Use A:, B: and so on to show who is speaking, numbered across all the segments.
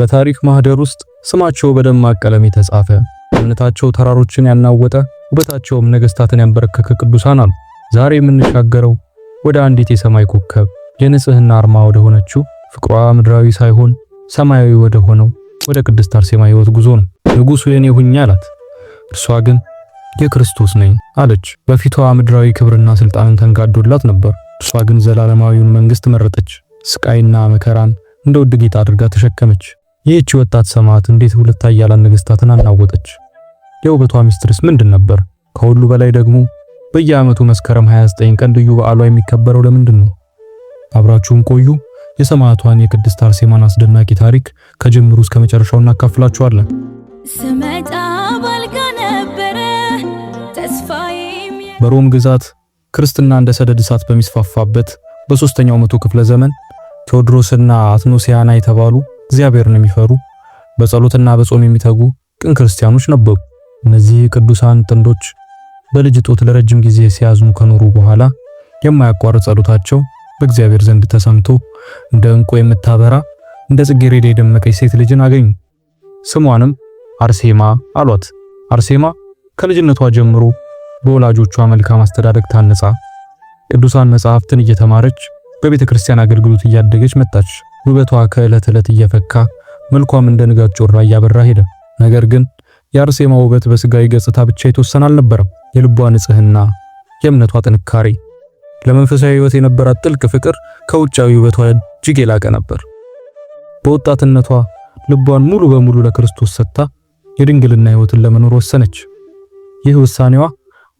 A: በታሪክ ማህደር ውስጥ ስማቸው በደማቅ ቀለም የተጻፈ እምነታቸው ተራሮችን ያናወጠ ውበታቸውም ነገስታትን ያንበረከከ ቅዱሳን አሉ። ዛሬ የምንሻገረው ወደ አንዲት የሰማይ ኮከብ የንጽህና አርማ ወደ ሆነችው ፍቅሯ ምድራዊ ሳይሆን ሰማያዊ ወደ ሆነው ወደ ቅድስት አርሴማ ህይወት ጉዞ ነው። ንጉሱ የኔ ሁኝ አላት። እርሷ ግን የክርስቶስ ነኝ አለች። በፊቷ ምድራዊ ክብርና ስልጣንን ተንጋዶላት ነበር። እርሷ ግን ዘላለማዊውን መንግስት መረጠች። ስቃይና መከራን እንደ ውድ ጌጥ አድርጋ ተሸከመች። ይህች ወጣት ሰማዕት እንዴት ሁለት ኃያላን ነገሥታትን አናወጠች? የውበቷ ሚስጥርስ ምንድን ነበር? ከሁሉ በላይ ደግሞ በየዓመቱ መስከረም 29 ቀን ልዩ በዓሏ የሚከበረው ለምንድን ነው? አብራችሁን ቆዩ። የሰማዕቷን የቅድስት አርሴማን አስደናቂ ታሪክ ከጅምሩ እስከ መጨረሻው እናካፍላችኋለን። ስመጣ ባልጋ ነበረ ተስፋዬ። በሮም ግዛት ክርስትና እንደ ሰደድ እሳት በሚስፋፋበት በሦስተኛው መቶ ክፍለ ዘመን ቴዎድሮስና አትኖሲያና የተባሉ እግዚአብሔርን የሚፈሩ በጸሎትና በጾም የሚተጉ ቅን ክርስቲያኖች ነበሩ። እነዚህ ቅዱሳን ጥንዶች በልጅ ጦት ለረጅም ጊዜ ሲያዝኑ ከኖሩ በኋላ የማያቋርጥ ጸሎታቸው በእግዚአብሔር ዘንድ ተሰምቶ እንደ እንቁ የምታበራ እንደ ጽጌረዳ የደመቀች ሴት ልጅን አገኙ። ስሟንም አርሴማ አሏት። አርሴማ ከልጅነቷ ጀምሮ በወላጆቿ መልካም አስተዳደግ ታነጻ ቅዱሳን መጻሕፍትን እየተማረች በቤተ ክርስቲያን አገልግሎት እያደገች መጣች። ውበቷ ከዕለት ዕለት እየፈካ መልኳም እንደ ንጋት ጮራ እያበራ ሄደ። ነገር ግን የአርሴማ ውበት በስጋዊ ገጽታ ብቻ የተወሰነ አልነበረም። የልቧ ንጽህና፣ የእምነቷ ጥንካሬ፣ ለመንፈሳዊ ህይወት የነበራት ጥልቅ ፍቅር ከውጫዊ ውበቷ እጅግ የላቀ ነበር። በወጣትነቷ ልቧን ሙሉ በሙሉ ለክርስቶስ ሰጥታ የድንግልና ህይወትን ለመኖር ወሰነች። ይህ ውሳኔዋ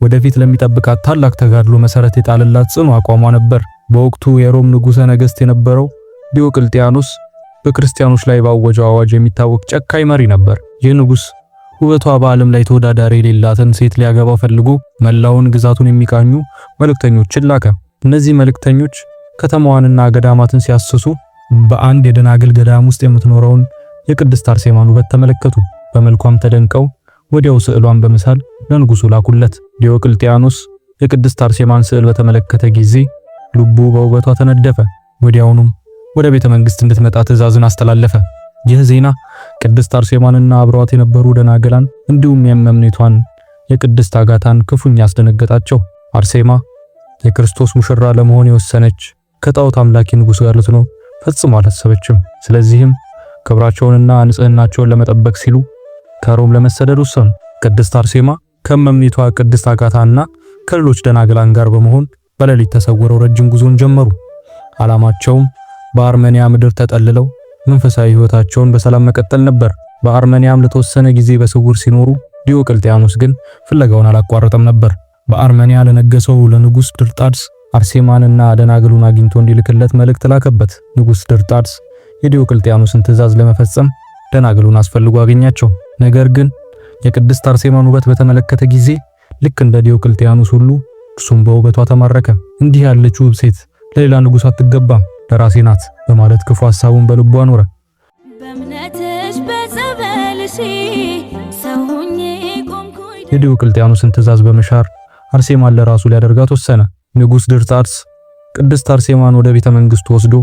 A: ወደፊት ለሚጠብቃት ታላቅ ተጋድሎ መሰረት የጣለላት ጽኑ አቋሟ ነበር። በወቅቱ የሮም ንጉሠ ነገሥት የነበረው ዲዮቅልጥያኖስ በክርስቲያኖች ላይ ባወጀው አዋጅ የሚታወቅ ጨካኝ መሪ ነበር። ይህ ንጉሥ ውበቷ በዓለም ላይ ተወዳዳሪ የሌላትን ሴት ሊያገባ ፈልጎ መላውን ግዛቱን የሚቃኙ መልእክተኞችን ላከ። እነዚህ መልእክተኞች ከተማዋንና ገዳማትን ሲያስሱ በአንድ የደናግል ገዳም ውስጥ የምትኖረውን የቅድስት አርሴማን ውበት ተመለከቱ። በመልኳም ተደንቀው ወዲያው ስዕሏን በመሳል ለንጉሱ ላኩለት። ዲዮቅልጥያኖስ የቅድስት አርሴማን ስዕል በተመለከተ ጊዜ ልቡ በውበቷ ተነደፈ። ወዲያውኑም ወደ ቤተ መንግስት እንድትመጣ ትእዛዝን አስተላለፈ። ይህ ዜና ቅድስት አርሴማንና አብረዋት የነበሩ ደናገላን እንዲሁም የመምኔቷን የቅድስት አጋታን ክፉኛ አስደነገጣቸው። አርሴማ የክርስቶስ ሙሽራ ለመሆን የወሰነች ከጣዖት አምላኪ ንጉሥ ጋር ልትኖር ፈጽሞ አላሰበችም። ስለዚህም ክብራቸውንና ንጽህናቸውን ለመጠበቅ ሲሉ ከሮም ለመሰደድ ወሰኑ። ቅድስት አርሴማ ከመምኔቷ ቅድስት አጋታና ከሌሎች ደናግላን ጋር በመሆን በሌሊት ተሰውረው ረጅም ጉዞን ጀመሩ። ዓላማቸውም በአርመኒያ ምድር ተጠልለው መንፈሳዊ ሕይወታቸውን በሰላም መቀጠል ነበር። በአርመኒያም ለተወሰነ ጊዜ በስውር ሲኖሩ ዲዮቅልጥያኖስ ግን ፍለጋውን አላቋረጠም ነበር። በአርመንያ ለነገሰው ለንጉስ ድርጣድስ አርሴማንና ደናግሉን አግኝቶ እንዲልክለት መልእክት ላከበት። ንጉስ ድርጣድስ የዲዮቅልጥያኖስን ትእዛዝ ለመፈጸም ደናግሉን አስፈልጎ አገኛቸው። ነገር ግን የቅድስት አርሴማን ውበት በተመለከተ ጊዜ ልክ እንደ ዲዮቅልጥያኖስ ሁሉ እርሱም በውበቷ ተማረከ። እንዲህ ያለችው ሴት ለሌላ ንጉስ አትገባም ራሴ ናት በማለት ክፉ ሐሳቡን በልቡ አኖረ። በእምነትሽ በጸበልሽ ሰው ቆምኩኝ። የዲዮቅልጥያኖስን ትእዛዝ በመሻር አርሴማን ለራሱ ሊያደርጋት ወሰነ። ንጉሥ ድርጣድስ ቅድስት አርሴማን ወደ ቤተ መንግሥቱ ወስዶ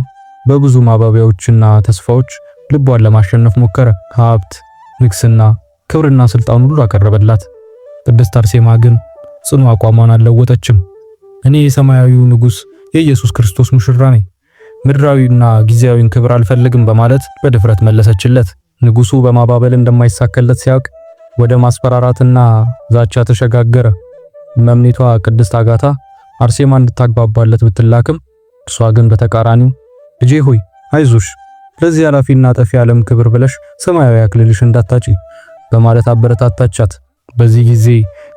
A: በብዙ ማባቢያዎችና ተስፋዎች ልቧን ለማሸነፍ ሞከረ። ሀብት፣ ንግስና፣ ክብርና ስልጣን ሁሉ አቀረበላት። ቅድስት አርሴማ ግን ጽኑ አቋሟን አልለወጠችም። እኔ የሰማያዊው ንጉሥ የኢየሱስ ክርስቶስ ሙሽራ ነኝ ምድራዊና ጊዜያዊን ክብር አልፈልግም በማለት በድፍረት መለሰችለት። ንጉሱ በማባበል እንደማይሳከለት ሲያውቅ ወደ ማስፈራራትና ዛቻ ተሸጋገረ። መምኔቷ ቅድስት አጋታ አርሴማ እንድታግባባለት ብትላክም እርሷ ግን በተቃራኒው ልጄ ሆይ አይዞሽ ለዚህ ኃላፊና ጠፊ ዓለም ክብር ብለሽ ሰማያዊ አክሊልሽ እንዳታጪ በማለት አበረታታቻት። በዚህ ጊዜ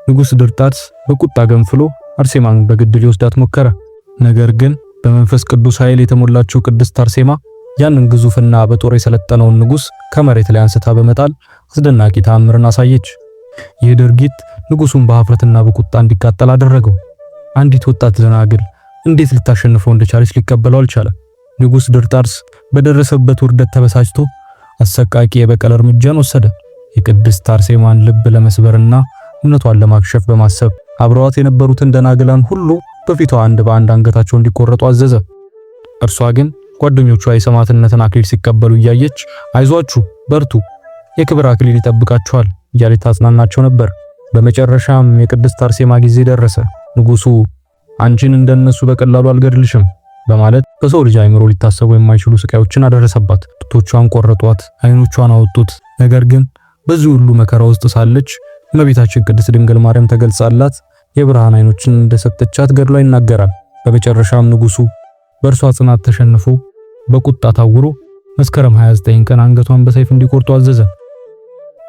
A: ንጉስ ድርጣት በቁጣ ገንፍሎ አርሴማን በግድ ሊወስዳት ሞከረ። ነገር ግን በመንፈስ ቅዱስ ኃይል የተሞላችው ቅድስት አርሴማ ያንን ግዙፍና በጦር የሰለጠነውን ንጉሥ ከመሬት ላይ አንስታ በመጣል አስደናቂ ተአምርን አሳየች። ይህ ድርጊት ንጉሱን በሀፍረትና በቁጣ እንዲቃጠል አደረገው። አንዲት ወጣት ደናግል እንዴት ልታሸንፈው እንደቻለች ሊቀበለው አልቻለም። ንጉስ ድርጣርስ በደረሰበት ውርደት ተበሳጭቶ አሰቃቂ የበቀል እርምጃን ወሰደ። የቅድስት አርሴማን ልብ ለመስበርና እምነቷን ለማክሸፍ በማሰብ አብረዋት የነበሩትን ደናግላን ሁሉ በፊቷ አንድ በአንድ አንገታቸው እንዲቆረጡ አዘዘ። እርሷ ግን ጓደኞቿ የሰማዕትነትን አክሊል ሲቀበሉ እያየች አይዟችሁ፣ በርቱ፣ የክብር አክሊል ይጠብቃችኋል እያለች ታጽናናቸው ነበር። በመጨረሻም የቅድስት አርሴማ ጊዜ ደረሰ። ንጉሱ አንቺን እንደነሱ በቀላሉ አልገድልሽም በማለት በሰው ልጅ አይምሮ ሊታሰቡ የማይችሉ ስቃዮችን አደረሰባት። ጡቶቿን ቆረጧት፣ አይኖቿን አወጡት። ነገር ግን በዚህ ሁሉ መከራ ውስጥ ሳለች እመቤታችን ቅድስት ድንግል ማርያም ተገልጻላት የብርሃን አይኖችን እንደሰጠቻት ገድሏ ይናገራል። በመጨረሻም ንጉሱ በእርሷ ጽናት ተሸንፎ በቁጣ ታውሮ መስከረም 29 ቀን አንገቷን በሰይፍ እንዲቆርጡ አዘዘ።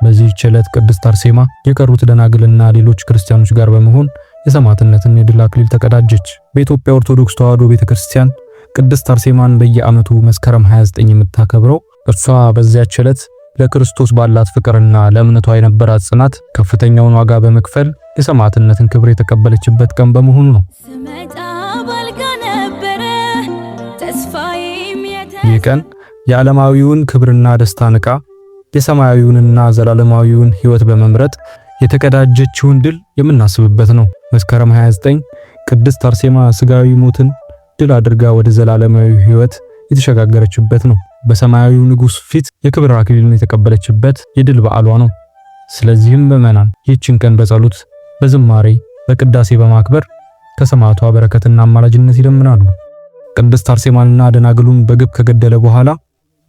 A: በዚህች ዕለት ቅድስት አርሴማ የቀሩት ደናግልና ሌሎች ክርስቲያኖች ጋር በመሆን የሰማዕትነትን የድል አክሊል ተቀዳጀች። በኢትዮጵያ ኦርቶዶክስ ተዋሕዶ ቤተክርስቲያን ቅድስት አርሴማን በየዓመቱ መስከረም 29 የምታከብረው እርሷ በዚያች ዕለት ለክርስቶስ ባላት ፍቅርና ለእምነቷ የነበራት ጽናት ከፍተኛውን ዋጋ በመክፈል የሰማዕትነትን ክብር የተቀበለችበት ቀን በመሆኑ ነው። ይህ ቀን የዓለማዊውን ክብርና ደስታ ንቃ የሰማያዊውንና ዘላለማዊውን ሕይወት በመምረጥ የተቀዳጀችውን ድል የምናስብበት ነው። መስከረም 29 ቅድስት አርሴማ ስጋዊ ሞትን ድል አድርጋ ወደ ዘላለማዊ ሕይወት የተሸጋገረችበት ነው። በሰማያዊው ንጉሥ ፊት የክብር አክሊልን የተቀበለችበት የድል በዓሏ ነው። ስለዚህም ምዕመናን ይህችን ቀን በጸሎት በዝማሬ በቅዳሴ በማክበር ከሰማዕቷ በረከትና አማላጅነት ይለምናሉ። ቅድስት አርሴማንና ደናግሉን በግብ ከገደለ በኋላ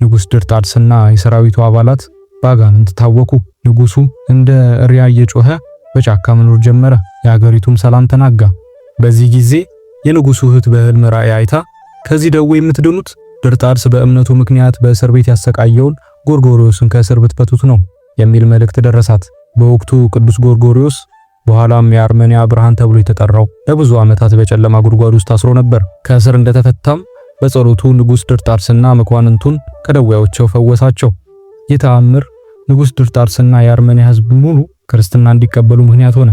A: ንጉሥ ድርጣድስና የሰራዊቱ አባላት በአጋንንት ታወኩ። ንጉሡ እንደ ሪያ እየጮኸ በጫካ መኖር ጀመረ። የአገሪቱም ሰላም ተናጋ። በዚህ ጊዜ የንጉሡ እህት በሕልም ራእይ አይታ ከዚህ ደዌ የምትድኑት ድርጣድስ በእምነቱ ምክንያት በእስር ቤት ያሰቃየውን ጎርጎሪዮስን ከእስር ብትፈቱት ነው የሚል መልእክት ደረሳት። በወቅቱ ቅዱስ ጎርጎሪዮስ በኋላም የአርሜኒያ ብርሃን ተብሎ የተጠራው ለብዙ ዓመታት በጨለማ ጉድጓድ ውስጥ ታስሮ ነበር። ከእስር እንደተፈታም በጸሎቱ ንጉሥ ድርጣርስና መኳንንቱን ከደዌያቸው ፈወሳቸው። ይህ ተአምር ንጉሥ የአርመኒያ የአርሜኒያ ሕዝብ ሙሉ ክርስትና እንዲቀበሉ ምክንያት ሆነ።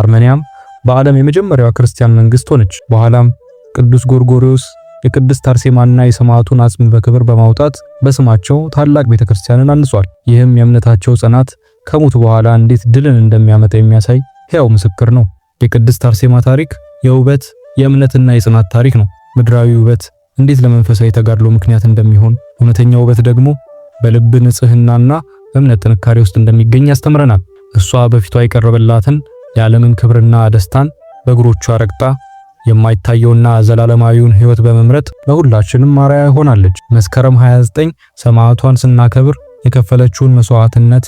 A: አርሜኒያም በዓለም የመጀመሪያዋ ክርስቲያን መንግስት ሆነች። በኋላም ቅዱስ ጎርጎሪዮስ የቅድስት አርሴማና የሰማዕቱን አጽም በክብር በማውጣት በስማቸው ታላቅ ቤተክርስቲያንን አንጿል። ይህም የእምነታቸው ጽናት ከሞት በኋላ እንዴት ድልን እንደሚያመጣ የሚያሳይ ሕያው ምስክር ነው። የቅድስት አርሴማ ታሪክ የውበት የእምነትና የጽናት ታሪክ ነው። ምድራዊ ውበት እንዴት ለመንፈሳዊ ተጋድሎ ምክንያት እንደሚሆን፣ እውነተኛ ውበት ደግሞ በልብ ንጽህናና በእምነት ጥንካሬ ውስጥ እንደሚገኝ ያስተምረናል። እሷ በፊቷ የቀረበላትን የዓለምን ክብርና ደስታን በእግሮቿ ረግጣ የማይታየውና ዘላለማዊውን ሕይወት በመምረጥ ለሁላችንም አርአያ ሆናለች። መስከረም 29 ሰማዕቷን ስናከብር የከፈለችውን መስዋዕትነት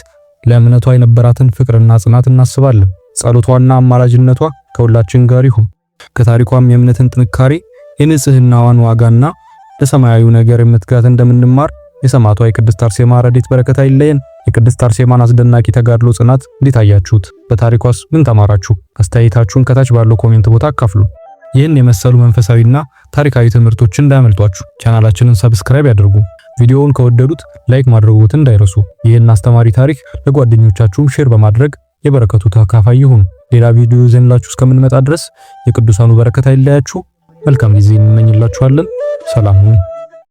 A: ለእምነቷ የነበራትን ፍቅርና ጽናት እናስባለን። ጸሎቷና አማላጅነቷ ከሁላችን ጋር ይሁን። ከታሪኳም የእምነትን ጥንካሬ የንጽህናዋን ዋጋና ለሰማያዊ ነገር የምትጋት እንደምንማር የሰማዕቷ የቅድስት አርሴማ ረድኤት በረከታ አይለየን። የቅድስት አርሴማን አስደናቂ ተጋድሎ ጽናት እንዴት አያችሁት? በታሪኳስ ምን ተማራችሁ? አስተያየታችሁን ከታች ባለው ኮሜንት ቦታ አካፍሉ። ይህን የመሰሉ መንፈሳዊና ታሪካዊ ትምህርቶችን እንዳያመልጧችሁ ቻናላችንን ሰብስክራይብ ያድርጉ። ቪዲዮውን ከወደዱት ላይክ ማድረጉት እንዳይረሱ። ይህን አስተማሪ ታሪክ ለጓደኞቻችሁም ሼር በማድረግ የበረከቱ ተካፋይ ይሁኑ። ሌላ ቪዲዮ ይዘንላችሁ እስከምንመጣ ድረስ የቅዱሳኑ በረከት አይለያችሁ። መልካም ጊዜ እንመኝላችኋለን። ሰላም ሁኑ።